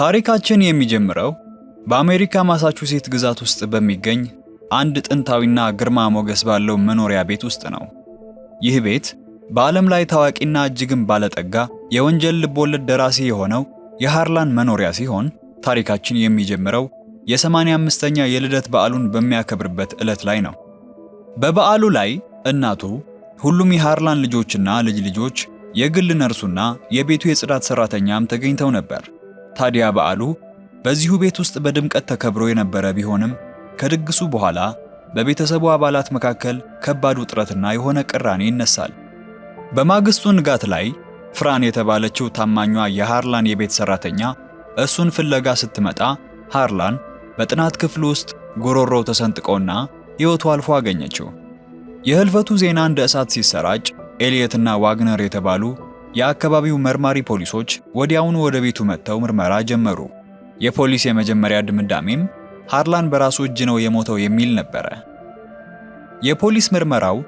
ታሪካችን የሚጀምረው በአሜሪካ ማሳቹሴት ግዛት ውስጥ በሚገኝ አንድ ጥንታዊና ግርማ ሞገስ ባለው መኖሪያ ቤት ውስጥ ነው። ይህ ቤት በዓለም ላይ ታዋቂና እጅግም ባለጠጋ የወንጀል ልቦለድ ደራሲ የሆነው የሃርላን መኖሪያ ሲሆን ታሪካችን የሚጀምረው የ85ኛ የልደት በዓሉን በሚያከብርበት ዕለት ላይ ነው። በበዓሉ ላይ እናቱ ሁሉም የሃርላን ልጆችና ልጅ ልጆች የግል ነርሱና የቤቱ የጽዳት ሰራተኛም ተገኝተው ነበር። ታዲያ በዓሉ በዚሁ ቤት ውስጥ በድምቀት ተከብሮ የነበረ ቢሆንም ከድግሱ በኋላ በቤተሰቡ አባላት መካከል ከባድ ውጥረትና የሆነ ቅራኔ ይነሳል። በማግስቱ ንጋት ላይ ፍራን የተባለችው ታማኟ የሃርላን የቤት ሰራተኛ እሱን ፍለጋ ስትመጣ ሃርላን በጥናት ክፍል ውስጥ ጎሮሮው ተሰንጥቆና ሕይወቱ አልፎ አገኘችው። የህልፈቱ ዜና እንደ እሳት ሲሰራጭ ኤልየትና ዋግነር የተባሉ የአካባቢው መርማሪ ፖሊሶች ወዲያውኑ ወደ ቤቱ መጥተው ምርመራ ጀመሩ። የፖሊስ የመጀመሪያ ድምዳሜም ሃርላን በራሱ እጅ ነው የሞተው የሚል ነበረ። የፖሊስ ምርመራው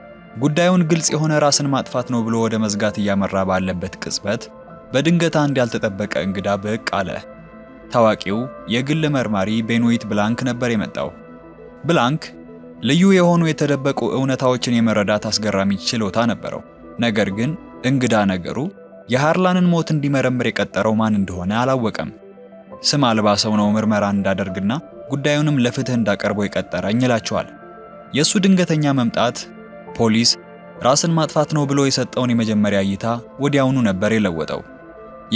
ጉዳዩን ግልጽ የሆነ ራስን ማጥፋት ነው ብሎ ወደ መዝጋት እያመራ ባለበት ቅጽበት በድንገት አንድ ያልተጠበቀ እንግዳ ብቅ አለ። ታዋቂው የግል መርማሪ ቤኖይት ብላንክ ነበር የመጣው። ብላንክ ልዩ የሆኑ የተደበቁ እውነታዎችን የመረዳት አስገራሚ ችሎታ ነበረው። ነገር ግን እንግዳ ነገሩ የሃርላንን ሞት እንዲመረምር የቀጠረው ማን እንደሆነ አላወቀም። ስም አልባ ሰው ነው ምርመራ እንዳደርግና ጉዳዩንም ለፍትህ እንዳቀርበው የቀጠረኝ ይላቸዋል። የእሱ ድንገተኛ መምጣት ፖሊስ ራስን ማጥፋት ነው ብሎ የሰጠውን የመጀመሪያ እይታ ወዲያውኑ ነበር የለወጠው።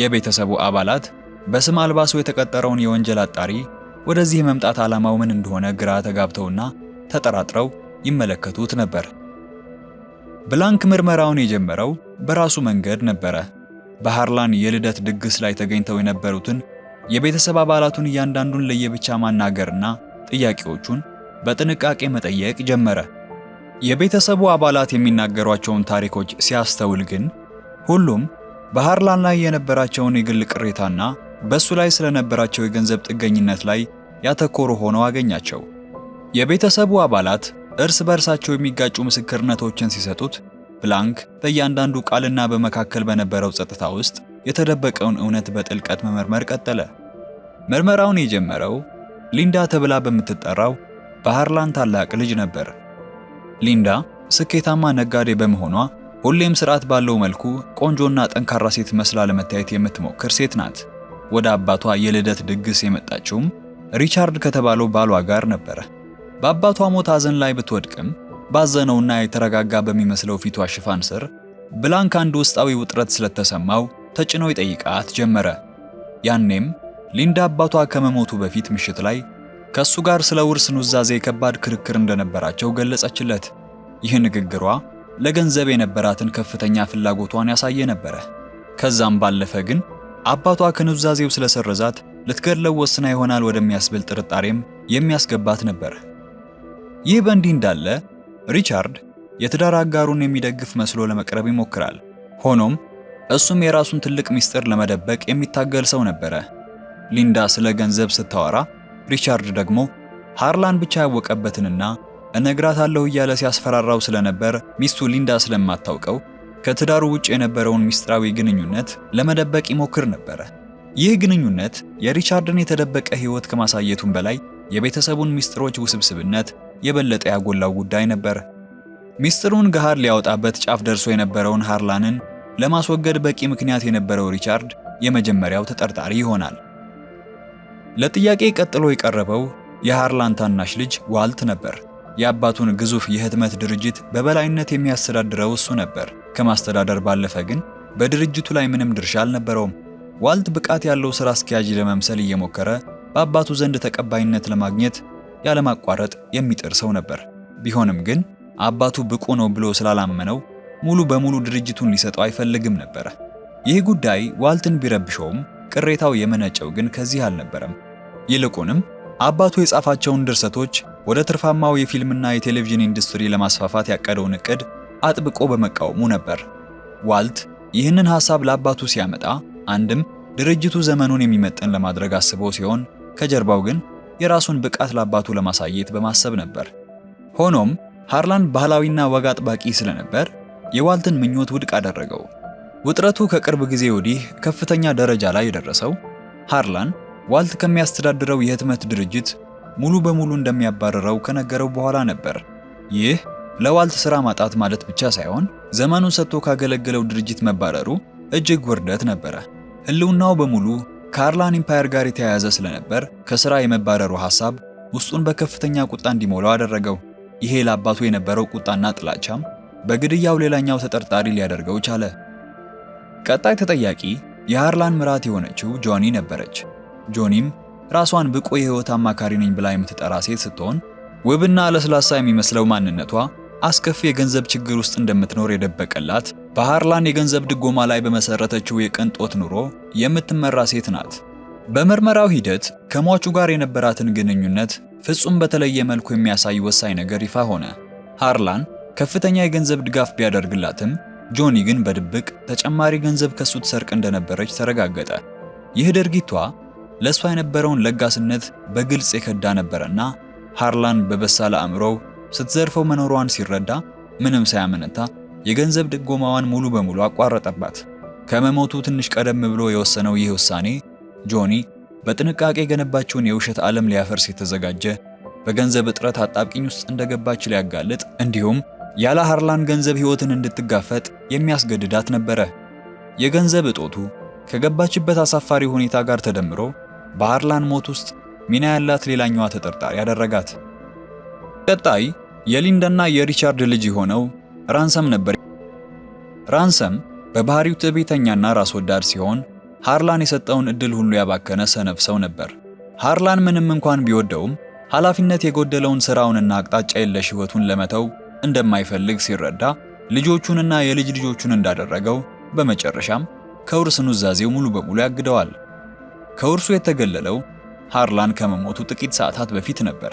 የቤተሰቡ አባላት በስም አልባ ሰው የተቀጠረውን የወንጀል አጣሪ ወደዚህ የመምጣት ዓላማው ምን እንደሆነ ግራ ተጋብተውና ተጠራጥረው ይመለከቱት ነበር። ብላንክ ምርመራውን የጀመረው በራሱ መንገድ ነበረ። በሃርላን የልደት ድግስ ላይ ተገኝተው የነበሩትን የቤተሰብ አባላቱን እያንዳንዱን ለየብቻ ማናገርና ጥያቄዎቹን በጥንቃቄ መጠየቅ ጀመረ። የቤተሰቡ አባላት የሚናገሯቸውን ታሪኮች ሲያስተውል ግን ሁሉም በሃርላን ላይ የነበራቸውን የግል ቅሬታና በእሱ ላይ ስለነበራቸው የገንዘብ ጥገኝነት ላይ ያተኮሩ ሆነው አገኛቸው። የቤተሰቡ አባላት እርስ በእርሳቸው የሚጋጩ ምስክርነቶችን ሲሰጡት ብላንክ በእያንዳንዱ ቃልና በመካከል በነበረው ጸጥታ ውስጥ የተደበቀውን እውነት በጥልቀት መመርመር ቀጠለ። ምርመራውን የጀመረው ሊንዳ ተብላ በምትጠራው በሃርላን ታላቅ ልጅ ነበር። ሊንዳ ስኬታማ ነጋዴ በመሆኗ ሁሌም ስርዓት ባለው መልኩ ቆንጆና ጠንካራ ሴት መስላ ለመታየት የምትሞክር ሴት ናት። ወደ አባቷ የልደት ድግስ የመጣችውም ሪቻርድ ከተባለው ባሏ ጋር ነበረ። በአባቷ ሞት ሐዘን ላይ ብትወድቅም ባዘነውና የተረጋጋ በሚመስለው ፊቷ ሽፋን ስር ብላንክ አንድ ውስጣዊ ውጥረት ስለተሰማው ተጭኖ ይጠይቃት ጀመረ። ያኔም ሊንዳ አባቷ ከመሞቱ በፊት ምሽት ላይ ከእሱ ጋር ስለ ውርስ ኑዛዜ ከባድ ክርክር እንደነበራቸው ገለጸችለት። ይህ ንግግሯ ለገንዘብ የነበራትን ከፍተኛ ፍላጎቷን ያሳየ ነበረ። ከዛም ባለፈ ግን አባቷ ከኑዛዜው ስለሰረዛት ልትገድለው ወስና ይሆናል ወደሚያስብል ጥርጣሬም የሚያስገባት ነበር። ይህ በእንዲህ እንዳለ ሪቻርድ የትዳር አጋሩን የሚደግፍ መስሎ ለመቅረብ ይሞክራል። ሆኖም እሱም የራሱን ትልቅ ምስጢር ለመደበቅ የሚታገል ሰው ነበረ። ሊንዳ ስለ ገንዘብ ስታወራ፣ ሪቻርድ ደግሞ ሃርላን ብቻ ያወቀበትንና እነግራታለሁ እያለ ሲያስፈራራው ስለነበር ሚስቱ ሊንዳ ስለማታውቀው ከትዳሩ ውጭ የነበረውን ምስጢራዊ ግንኙነት ለመደበቅ ይሞክር ነበረ። ይህ ግንኙነት የሪቻርድን የተደበቀ ሕይወት ከማሳየቱም በላይ የቤተሰቡን ምስጢሮች ውስብስብነት የበለጠ ያጎላው ጉዳይ ነበር። ሚስጥሩን ገሃር ሊያወጣበት ጫፍ ደርሶ የነበረውን ሃርላንን ለማስወገድ በቂ ምክንያት የነበረው ሪቻርድ የመጀመሪያው ተጠርጣሪ ይሆናል። ለጥያቄ ቀጥሎ የቀረበው የሃርላን ታናሽ ልጅ ዋልት ነበር። የአባቱን ግዙፍ የህትመት ድርጅት በበላይነት የሚያስተዳድረው እሱ ነበር። ከማስተዳደር ባለፈ ግን በድርጅቱ ላይ ምንም ድርሻ አልነበረውም። ዋልት ብቃት ያለው ስራ አስኪያጅ ለመምሰል እየሞከረ በአባቱ ዘንድ ተቀባይነት ለማግኘት ያለማቋረጥ የሚጥር ሰው ነበር። ቢሆንም ግን አባቱ ብቁ ነው ብሎ ስላላመነው ሙሉ በሙሉ ድርጅቱን ሊሰጠው አይፈልግም ነበር። ይህ ጉዳይ ዋልትን ቢረብሸውም ቅሬታው የመነጨው ግን ከዚህ አልነበረም። ይልቁንም አባቱ የጻፋቸውን ድርሰቶች ወደ ትርፋማው የፊልምና የቴሌቪዥን ኢንዱስትሪ ለማስፋፋት ያቀደውን እቅድ አጥብቆ በመቃወሙ ነበር። ዋልት ይህንን ሐሳብ ለአባቱ ሲያመጣ አንድም ድርጅቱ ዘመኑን የሚመጥን ለማድረግ አስቦ ሲሆን ከጀርባው ግን የራሱን ብቃት ለአባቱ ለማሳየት በማሰብ ነበር። ሆኖም ሃርላን ባህላዊና ወግ አጥባቂ ስለነበር የዋልትን ምኞት ውድቅ አደረገው። ውጥረቱ ከቅርብ ጊዜ ወዲህ ከፍተኛ ደረጃ ላይ የደረሰው ሃርላን ዋልት ከሚያስተዳድረው የህትመት ድርጅት ሙሉ በሙሉ እንደሚያባረረው ከነገረው በኋላ ነበር። ይህ ለዋልት ሥራ ማጣት ማለት ብቻ ሳይሆን ዘመኑን ሰጥቶ ካገለገለው ድርጅት መባረሩ እጅግ ውርደት ነበረ። ህልውናው በሙሉ ከአርላን ኢምፓየር ጋር የተያያዘ ስለነበር ከስራ የመባረሩ ሐሳብ ውስጡን በከፍተኛ ቁጣ እንዲሞላው አደረገው። ይሄ ለአባቱ የነበረው ቁጣና ጥላቻም በግድያው ሌላኛው ተጠርጣሪ ሊያደርገው ቻለ። ቀጣይ ተጠያቂ የአርላን ምራት የሆነችው ጆኒ ነበረች። ጆኒም ራሷን ብቁ የህይወት አማካሪ ነኝ ብላ የምትጠራ ሴት ስትሆን ውብና ለስላሳ የሚመስለው ማንነቷ አስከፊ የገንዘብ ችግር ውስጥ እንደምትኖር የደበቀላት በሃርላን የገንዘብ ድጎማ ላይ በመሰረተችው የቅንጦት ኑሮ የምትመራ ሴት ናት። በምርመራው ሂደት ከሟቹ ጋር የነበራትን ግንኙነት ፍጹም በተለየ መልኩ የሚያሳይ ወሳኝ ነገር ይፋ ሆነ። ሃርላን ከፍተኛ የገንዘብ ድጋፍ ቢያደርግላትም ጆኒ ግን በድብቅ ተጨማሪ ገንዘብ ከሱ ትሰርቅ እንደነበረች ተረጋገጠ። ይህ ድርጊቷ ለእሷ የነበረውን ለጋስነት በግልጽ የከዳ ነበረና ሃርላን በበሳለ አእምሮው ስትዘርፈው መኖሯን ሲረዳ ምንም ሳያመነታ የገንዘብ ድጎማዋን ሙሉ በሙሉ አቋረጠባት። ከመሞቱ ትንሽ ቀደም ብሎ የወሰነው ይህ ውሳኔ ጆኒ በጥንቃቄ የገነባቸውን የውሸት ዓለም ሊያፈርስ የተዘጋጀ በገንዘብ እጥረት አጣብቂኝ ውስጥ እንደገባች ሊያጋልጥ እንዲሁም ያለ ሃርላን ገንዘብ ሕይወትን እንድትጋፈጥ የሚያስገድዳት ነበረ። የገንዘብ እጦቱ ከገባችበት አሳፋሪ ሁኔታ ጋር ተደምሮ በሃርላን ሞት ውስጥ ሚና ያላት ሌላኛዋ ተጠርጣሪ ያደረጋት። ቀጣይ የሊንዳና የሪቻርድ ልጅ የሆነው ራንሰም ነበር። ራንሰም በባህሪው ትዕቢተኛና ራስ ወዳድ ሲሆን ሃርላን የሰጠውን እድል ሁሉ ያባከነ ሰነፍ ሰው ነበር። ሃርላን ምንም እንኳን ቢወደውም ኃላፊነት የጎደለውን ሥራውንና አቅጣጫ የለሽ ሕይወቱን ለመተው እንደማይፈልግ ሲረዳ ልጆቹንና የልጅ ልጆቹን እንዳደረገው በመጨረሻም ከውርስ ኑዛዜው ሙሉ በሙሉ ያግደዋል። ከውርሱ የተገለለው ሃርላን ከመሞቱ ጥቂት ሰዓታት በፊት ነበር።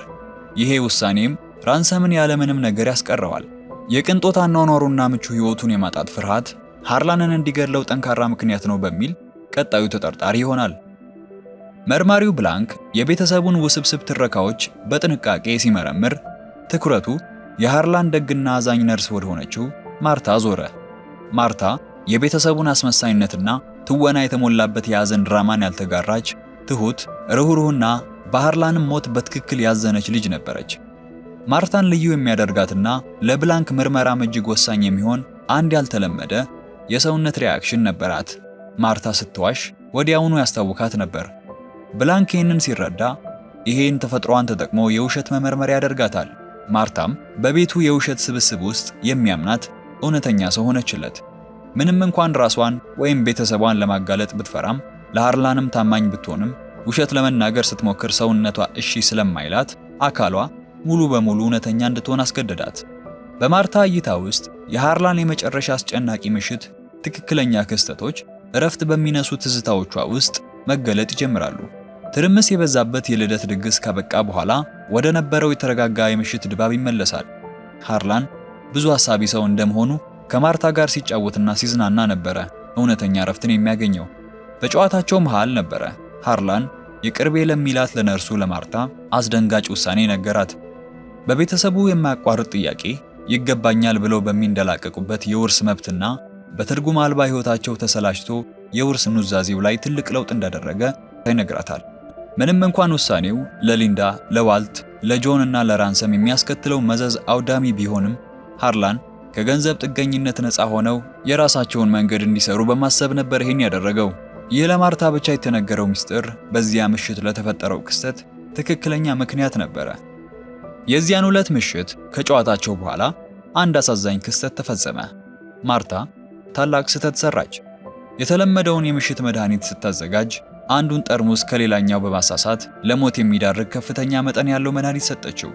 ይሄ ውሳኔም ራንሰምን ያለምንም ነገር ያስቀረዋል። የቅንጦት አኗኗሩና ምቹ ሕይወቱን የማጣት ፍርሃት ሃርላንን እንዲገድለው ጠንካራ ምክንያት ነው በሚል ቀጣዩ ተጠርጣሪ ይሆናል። መርማሪው ብላንክ የቤተሰቡን ውስብስብ ትረካዎች በጥንቃቄ ሲመረምር ትኩረቱ የሃርላን ደግና አዛኝ ነርስ ወደሆነችው ማርታ ዞረ። ማርታ የቤተሰቡን አስመሳይነትና ትወና የተሞላበት የሐዘን ድራማን ያልተጋራች ትሁት፣ ርኅሩህና በሃርላንም ሞት በትክክል ያዘነች ልጅ ነበረች። ማርታን ልዩ የሚያደርጋትና ለብላንክ ምርመራም እጅግ ወሳኝ የሚሆን አንድ ያልተለመደ የሰውነት ሪያክሽን ነበራት። ማርታ ስትዋሽ ወዲያውኑ ያስታውካት ነበር። ብላንክ ይህንን ሲረዳ ይሄን ተፈጥሮዋን ተጠቅሞ የውሸት መመርመር ያደርጋታል። ማርታም በቤቱ የውሸት ስብስብ ውስጥ የሚያምናት እውነተኛ ሰው ሆነችለት። ምንም እንኳን ራሷን ወይም ቤተሰቧን ለማጋለጥ ብትፈራም ለሃርላንም ታማኝ ብትሆንም ውሸት ለመናገር ስትሞክር ሰውነቷ እሺ ስለማይላት አካሏ ሙሉ በሙሉ እውነተኛ እንድትሆን አስገደዳት። በማርታ እይታ ውስጥ የሃርላን የመጨረሻ አስጨናቂ ምሽት ትክክለኛ ክስተቶች እረፍት በሚነሱ ትዝታዎቿ ውስጥ መገለጥ ይጀምራሉ። ትርምስ የበዛበት የልደት ድግስ ከበቃ በኋላ ወደ ነበረው የተረጋጋ የምሽት ድባብ ይመለሳል። ሃርላን ብዙ ሐሳቢ ሰው እንደመሆኑ ከማርታ ጋር ሲጫወትና ሲዝናና ነበረ እውነተኛ እረፍትን የሚያገኘው። በጨዋታቸው መሃል ነበረ ሃርላን የቅርቤ ለሚላት ለነርሱ ለማርታ አስደንጋጭ ውሳኔ ነገራት። በቤተሰቡ የማያቋርጥ ጥያቄ ይገባኛል ብለው በሚንደላቀቁበት የውርስ መብትና በትርጉም አልባ ሕይወታቸው ተሰላችቶ የውርስ ኑዛዜው ላይ ትልቅ ለውጥ እንዳደረገ ይነግራታል። ምንም እንኳን ውሳኔው ለሊንዳ፣ ለዋልት፣ ለጆን እና ለራንሰም የሚያስከትለው መዘዝ አውዳሚ ቢሆንም ሃርላን ከገንዘብ ጥገኝነት ነፃ ሆነው የራሳቸውን መንገድ እንዲሰሩ በማሰብ ነበር ይህን ያደረገው። ይህ ለማርታ ብቻ የተነገረው ምስጢር በዚያ ምሽት ለተፈጠረው ክስተት ትክክለኛ ምክንያት ነበረ። የዚያን ዕለት ምሽት ከጨዋታቸው በኋላ አንድ አሳዛኝ ክስተት ተፈጸመ። ማርታ ታላቅ ስህተት ሰራች። የተለመደውን የምሽት መድኃኒት ስታዘጋጅ አንዱን ጠርሙስ ከሌላኛው በማሳሳት ለሞት የሚዳርግ ከፍተኛ መጠን ያለው መድኃኒት ሰጠችው።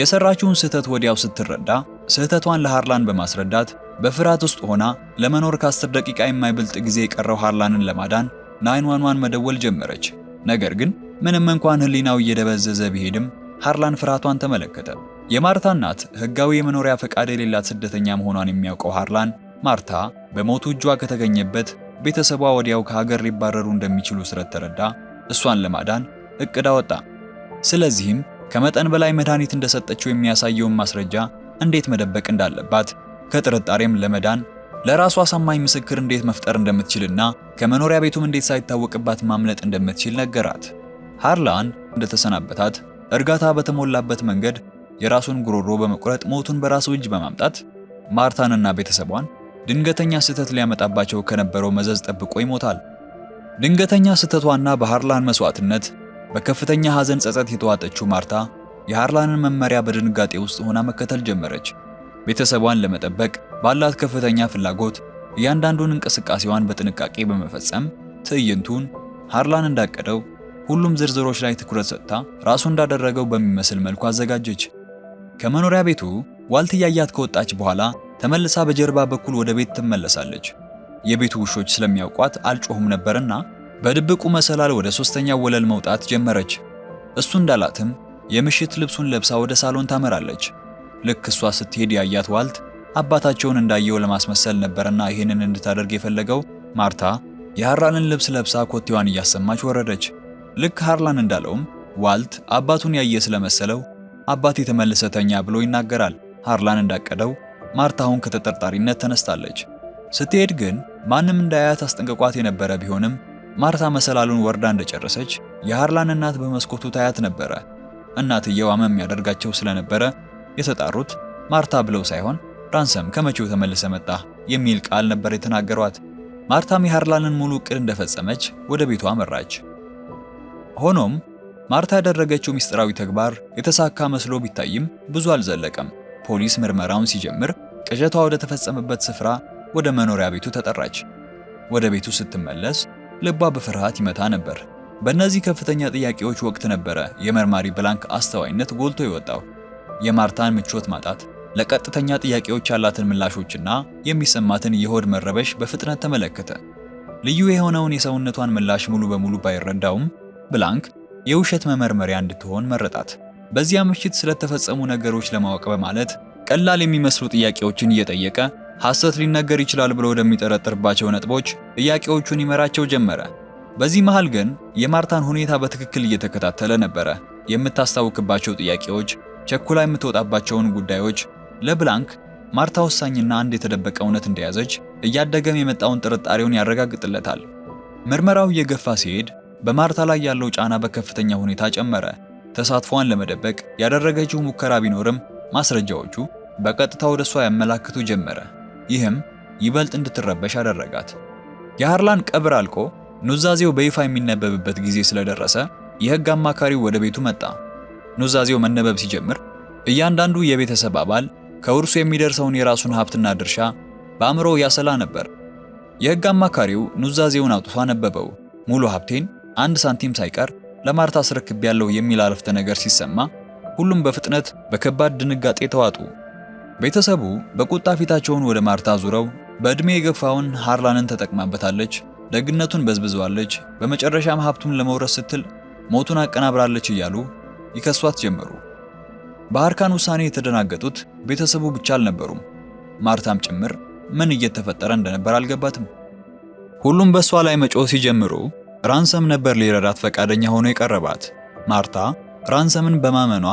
የሰራችውን ስህተት ወዲያው ስትረዳ ስህተቷን ለሃርላን በማስረዳት በፍርሃት ውስጥ ሆና ለመኖር ከአስር ደቂቃ የማይበልጥ ጊዜ የቀረው ሃርላንን ለማዳን 911 ዋን መደወል ጀመረች። ነገር ግን ምንም እንኳን ህሊናው እየደበዘዘ ቢሄድም ሃርላን ፍርሃቷን ተመለከተ። የማርታ እናት ህጋዊ የመኖሪያ ፈቃድ የሌላት ስደተኛ መሆኗን የሚያውቀው ሃርላን ማርታ በሞቱ እጇ ከተገኘበት ቤተሰቧ ወዲያው ከሀገር ሊባረሩ እንደሚችሉ ስለተረዳ እሷን ለማዳን እቅድ አወጣ። ስለዚህም ከመጠን በላይ መድኃኒት እንደሰጠችው የሚያሳየውን ማስረጃ እንዴት መደበቅ እንዳለባት ከጥርጣሬም ለመዳን ለራሷ አሳማኝ ምስክር እንዴት መፍጠር እንደምትችልና ከመኖሪያ ቤቱም እንዴት ሳይታወቅባት ማምለጥ እንደምትችል ነገራት። ሃርላን እንደተሰናበታት እርጋታ በተሞላበት መንገድ የራሱን ጉሮሮ በመቁረጥ ሞቱን በራሱ እጅ በማምጣት ማርታንና ቤተሰቧን ድንገተኛ ስህተት ሊያመጣባቸው ከነበረው መዘዝ ጠብቆ ይሞታል። ድንገተኛ ስህተቷና በሃርላን መስዋዕትነት በከፍተኛ ሐዘን ጸጸት የተዋጠችው ማርታ የሃርላንን መመሪያ በድንጋጤ ውስጥ ሆና መከተል ጀመረች። ቤተሰቧን ለመጠበቅ ባላት ከፍተኛ ፍላጎት እያንዳንዱን እንቅስቃሴዋን በጥንቃቄ በመፈጸም ትዕይንቱን ሃርላን እንዳቀደው ሁሉም ዝርዝሮች ላይ ትኩረት ሰጥታ ራሱ እንዳደረገው በሚመስል መልኩ አዘጋጀች። ከመኖሪያ ቤቱ ዋልት እያያት ከወጣች በኋላ ተመልሳ በጀርባ በኩል ወደ ቤት ትመለሳለች። የቤቱ ውሾች ስለሚያውቋት አልጮሁም ነበርና በድብቁ መሰላል ወደ ሶስተኛው ወለል መውጣት ጀመረች። እሱ እንዳላትም የምሽት ልብሱን ለብሳ ወደ ሳሎን ታመራለች። ልክ እሷ ስትሄድ ያያት ዋልት አባታቸውን እንዳየው ለማስመሰል ነበርና ይህንን እንድታደርግ የፈለገው ማርታ የሐራንን ልብስ ለብሳ ኮቴዋን እያሰማች ወረደች። ልክ ሃርላን እንዳለውም ዋልት አባቱን ያየ ስለመሰለው አባቴ ተመልሰ ተኛ ብሎ ይናገራል። ሃርላን እንዳቀደው ማርታ አሁን ከተጠርጣሪነት ተነስታለች። ስትሄድ ግን ማንም እንዳያት አስጠንቅቋት የነበረ ቢሆንም ማርታ መሰላሉን ወርዳ እንደጨረሰች የሃርላን እናት በመስኮቱ ታያት ነበረ። እናትየው አመም ያደርጋቸው ስለነበረ የተጣሩት ማርታ ብለው ሳይሆን ራንሰም ከመቼው ተመልሰ መጣ የሚል ቃል ነበር የተናገሯት። ማርታም የሃርላንን ሙሉ እቅድ እንደፈጸመች ወደ ቤቷ አመራች። ሆኖም ማርታ ያደረገችው ምስጢራዊ ተግባር የተሳካ መስሎ ቢታይም ብዙ አልዘለቀም። ፖሊስ ምርመራውን ሲጀምር ቅዠቷ ወደ ተፈጸመበት ስፍራ ወደ መኖሪያ ቤቱ ተጠራች። ወደ ቤቱ ስትመለስ ልቧ በፍርሃት ይመታ ነበር። በእነዚህ ከፍተኛ ጥያቄዎች ወቅት ነበረ የመርማሪ ብላንክ አስተዋይነት ጎልቶ የወጣው። የማርታን ምቾት ማጣት፣ ለቀጥተኛ ጥያቄዎች ያላትን ምላሾችና የሚሰማትን የሆድ መረበሽ በፍጥነት ተመለከተ። ልዩ የሆነውን የሰውነቷን ምላሽ ሙሉ በሙሉ ባይረዳውም ብላንክ የውሸት መመርመሪያ እንድትሆን መረጣት። በዚያ ምሽት ስለተፈጸሙ ነገሮች ለማወቅ በማለት ቀላል የሚመስሉ ጥያቄዎችን እየጠየቀ ሐሰት ሊነገር ይችላል ብሎ ወደሚጠረጥርባቸው ነጥቦች ጥያቄዎቹን ይመራቸው ጀመረ። በዚህ መሃል ግን የማርታን ሁኔታ በትክክል እየተከታተለ ነበረ። የምታስታውክባቸው ጥያቄዎች፣ ቸኩላ የምትወጣባቸውን ጉዳዮች ለብላንክ ማርታ ወሳኝና አንድ የተደበቀ እውነት እንደያዘች እያደገም የመጣውን ጥርጣሬውን ያረጋግጥለታል። ምርመራው እየገፋ ሲሄድ በማርታ ላይ ያለው ጫና በከፍተኛ ሁኔታ ጨመረ። ተሳትፏን ለመደበቅ ያደረገችው ሙከራ ቢኖርም ማስረጃዎቹ በቀጥታ ወደ እሷ ያመላክቱ ጀመረ። ይህም ይበልጥ እንድትረበሽ አደረጋት። የሃርላን ቀብር አልቆ ኑዛዜው በይፋ የሚነበብበት ጊዜ ስለደረሰ የህግ አማካሪው ወደ ቤቱ መጣ። ኑዛዜው መነበብ ሲጀምር እያንዳንዱ የቤተሰብ አባል ከውርሱ የሚደርሰውን የራሱን ሀብትና ድርሻ በአእምሮ ያሰላ ነበር። የህግ አማካሪው ኑዛዜውን አውጥቶ አነበበው። ሙሉ ሀብቴን አንድ ሳንቲም ሳይቀር ለማርታ አስረክብ ያለው የሚል አረፍተ ነገር ሲሰማ ሁሉም በፍጥነት በከባድ ድንጋጤ ተዋጡ። ቤተሰቡ በቁጣ ፊታቸውን ወደ ማርታ ዙረው በዕድሜ የገፋውን ሃርላንን ተጠቅማበታለች፣ ደግነቱን በዝብዘዋለች፣ በመጨረሻም ሀብቱን ለመውረስ ስትል ሞቱን አቀናብራለች እያሉ ይከሷት ጀመሩ። በአርካን ውሳኔ የተደናገጡት ቤተሰቡ ብቻ አልነበሩም። ማርታም ጭምር ምን እየተፈጠረ እንደነበር አልገባትም። ሁሉም በእሷ ላይ መጮህ ሲጀምሩ ራንሰም ነበር ሊረዳት ፈቃደኛ ሆኖ የቀረባት። ማርታ ራንሰምን በማመኗ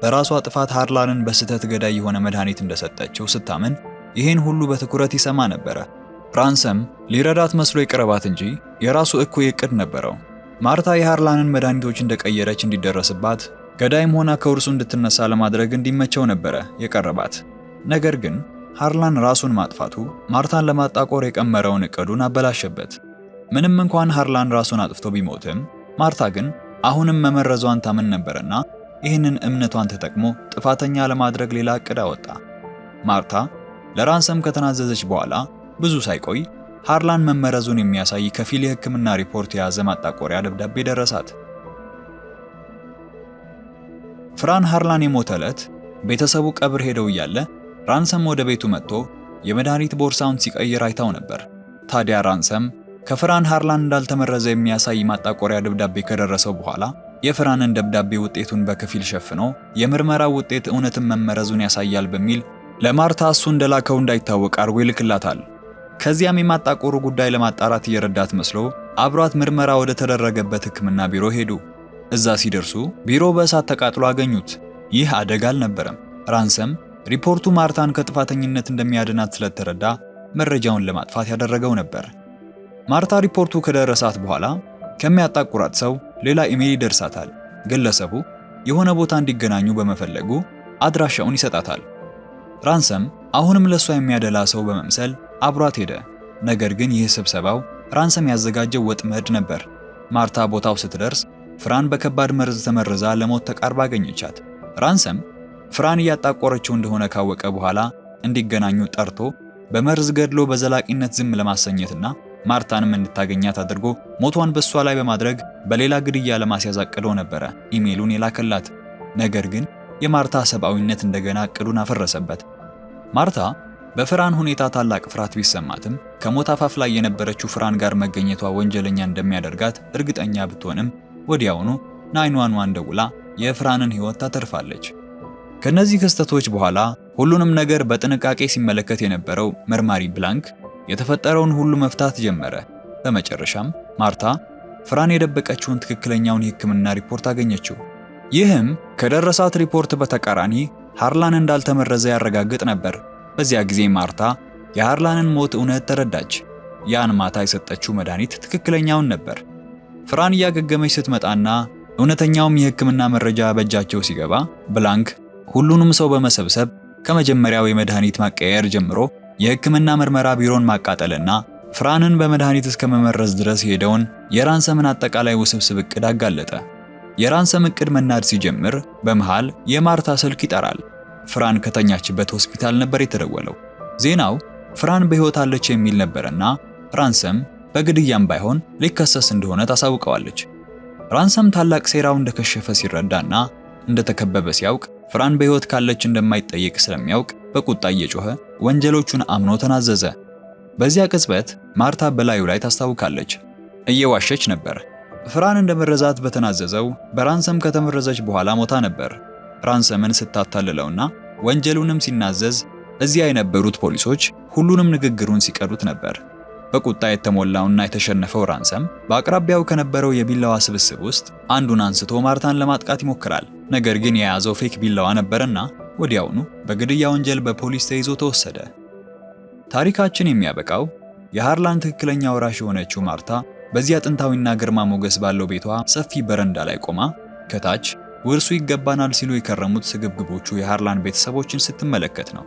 በራሷ ጥፋት ሃርላንን በስህተት ገዳይ የሆነ መድኃኒት እንደሰጠችው ስታምን ይህን ሁሉ በትኩረት ይሰማ ነበረ። ራንሰም ሊረዳት መስሎ የቀረባት እንጂ የራሱ እኩይ እቅድ ነበረው። ማርታ የሃርላንን መድኃኒቶች እንደቀየረች እንዲደረስባት ገዳይም ሆና ከእርሱ እንድትነሳ ለማድረግ እንዲመቸው ነበረ የቀረባት። ነገር ግን ሃርላን ራሱን ማጥፋቱ ማርታን ለማጣቆር የቀመረውን እቅዱን አበላሸበት። ምንም እንኳን ሃርላን ራሱን አጥፍቶ ቢሞትም ማርታ ግን አሁንም መመረዟን ታምን ነበርና ይህንን እምነቷን ተጠቅሞ ጥፋተኛ ለማድረግ ሌላ እቅድ አወጣ። ማርታ ለራንሰም ከተናዘዘች በኋላ ብዙ ሳይቆይ ሃርላን መመረዙን የሚያሳይ ከፊል የሕክምና ሪፖርት የያዘ ማጣቆሪያ ደብዳቤ ደረሳት። ፍራን ሃርላን የሞተ ዕለት ቤተሰቡ ቀብር ሄደው እያለ ራንሰም ወደ ቤቱ መጥቶ የመድኃኒት ቦርሳውን ሲቀይር አይታው ነበር። ታዲያ ራንሰም ከፍራን ሃርላንድ እንዳልተመረዘ የሚያሳይ ማጣቆሪያ ደብዳቤ ከደረሰው በኋላ የፍራንን ደብዳቤ ውጤቱን በከፊል ሸፍኖ የምርመራ ውጤት እውነትን መመረዙን ያሳያል በሚል ለማርታ እሱ እንደላከው እንዳይታወቅ አርጎ ይልክላታል። ከዚያም የማጣቆሩ ጉዳይ ለማጣራት እየረዳት መስሎ አብሯት ምርመራ ወደ ተደረገበት ሕክምና ቢሮ ሄዱ። እዛ ሲደርሱ ቢሮ በእሳት ተቃጥሎ አገኙት። ይህ አደጋ አልነበረም። ራንሰም ሪፖርቱ ማርታን ከጥፋተኝነት እንደሚያድናት ስለተረዳ መረጃውን ለማጥፋት ያደረገው ነበር። ማርታ ሪፖርቱ ከደረሳት በኋላ ከሚያጣቁራት ሰው ሌላ ኢሜይል ይደርሳታል። ግለሰቡ የሆነ ቦታ እንዲገናኙ በመፈለጉ አድራሻውን ይሰጣታል። ራንሰም አሁንም ለሷ የሚያደላ ሰው በመምሰል አብሯት ሄደ። ነገር ግን ይህ ስብሰባው ራንሰም ያዘጋጀው ወጥመድ ነበር። ማርታ ቦታው ስትደርስ ፍራን በከባድ መርዝ ተመርዛ ለሞት ተቃርባ አገኘቻት። ራንሰም ፍራን እያጣቆረችው እንደሆነ ካወቀ በኋላ እንዲገናኙ ጠርቶ በመርዝ ገድሎ በዘላቂነት ዝም ለማሰኘትና ማርታንም እንድታገኛት አድርጎ ሞቷን በእሷ ላይ በማድረግ በሌላ ግድያ ለማስያዝ አቅዶ ነበረ ኢሜሉን የላከላት። ነገር ግን የማርታ ሰብአዊነት እንደገና እቅዱን አፈረሰበት። ማርታ በፍራን ሁኔታ ታላቅ ፍርሃት ቢሰማትም ከሞት አፋፍ ላይ የነበረችው ፍራን ጋር መገኘቷ ወንጀለኛ እንደሚያደርጋት እርግጠኛ ብትሆንም ወዲያውኑ ናይንዋንዋን ደውላ የፍራንን ሕይወት ታተርፋለች። ከነዚህ ክስተቶች በኋላ ሁሉንም ነገር በጥንቃቄ ሲመለከት የነበረው መርማሪ ብላንክ የተፈጠረውን ሁሉ መፍታት ጀመረ። በመጨረሻም ማርታ ፍራን የደበቀችውን ትክክለኛውን የሕክምና ሪፖርት አገኘችው። ይህም ከደረሳት ሪፖርት በተቃራኒ ሃርላን እንዳልተመረዘ ያረጋግጥ ነበር። በዚያ ጊዜ ማርታ የሃርላንን ሞት እውነት ተረዳች። ያን ማታ የሰጠችው መድኃኒት ትክክለኛውን ነበር። ፍራን እያገገመች ስትመጣና እውነተኛውም የሕክምና መረጃ በእጃቸው ሲገባ ብላንክ ሁሉንም ሰው በመሰብሰብ ከመጀመሪያው የመድኃኒት ማቀያየር ጀምሮ የህክምና ምርመራ ቢሮን ማቃጠልና ፍራንን በመድኃኒት እስከ መመረዝ ድረስ ሄደውን የራንሰምን አጠቃላይ ውስብስብ እቅድ አጋለጠ። የራንሰም እቅድ መናድ ሲጀምር በመሃል የማርታ ስልክ ይጠራል። ፍራን ከተኛችበት ሆስፒታል ነበር የተደወለው። ዜናው ፍራን በሕይወት አለች የሚል ነበርና ራንሰም በግድያም ባይሆን ሊከሰስ እንደሆነ ታሳውቀዋለች። ራንሰም ታላቅ ሴራው እንደከሸፈ ሲረዳና እንደተከበበ ሲያውቅ ፍራን በሕይወት ካለች እንደማይጠየቅ ስለሚያውቅ በቁጣ እየጮኸ ወንጀሎቹን አምኖ ተናዘዘ። በዚያ ቅጽበት ማርታ በላዩ ላይ ታስታውካለች። እየዋሸች ነበር። ፍራን እንደመረዛት በተናዘዘው በራንሰም ከተመረዘች በኋላ ሞታ ነበር። ራንሰምን ስታታልለውና ወንጀሉንም ሲናዘዝ እዚያ የነበሩት ፖሊሶች ሁሉንም ንግግሩን ሲቀሩት ነበር። በቁጣ የተሞላውና የተሸነፈው ራንሰም በአቅራቢያው ከነበረው የቢላዋ ስብስብ ውስጥ አንዱን አንስቶ ማርታን ለማጥቃት ይሞክራል። ነገር ግን የያዘው ፌክ ቢላዋ ነበርና ወዲያውኑ በግድያ ወንጀል በፖሊስ ተይዞ ተወሰደ። ታሪካችን የሚያበቃው የሃርላን ትክክለኛ ወራሽ የሆነችው ማርታ በዚያ ጥንታዊና ግርማ ሞገስ ባለው ቤቷ ሰፊ በረንዳ ላይ ቆማ ከታች ውርሱ ይገባናል ሲሉ የከረሙት ስግብግቦቹ የሃርላን ቤተሰቦችን ስትመለከት ነው።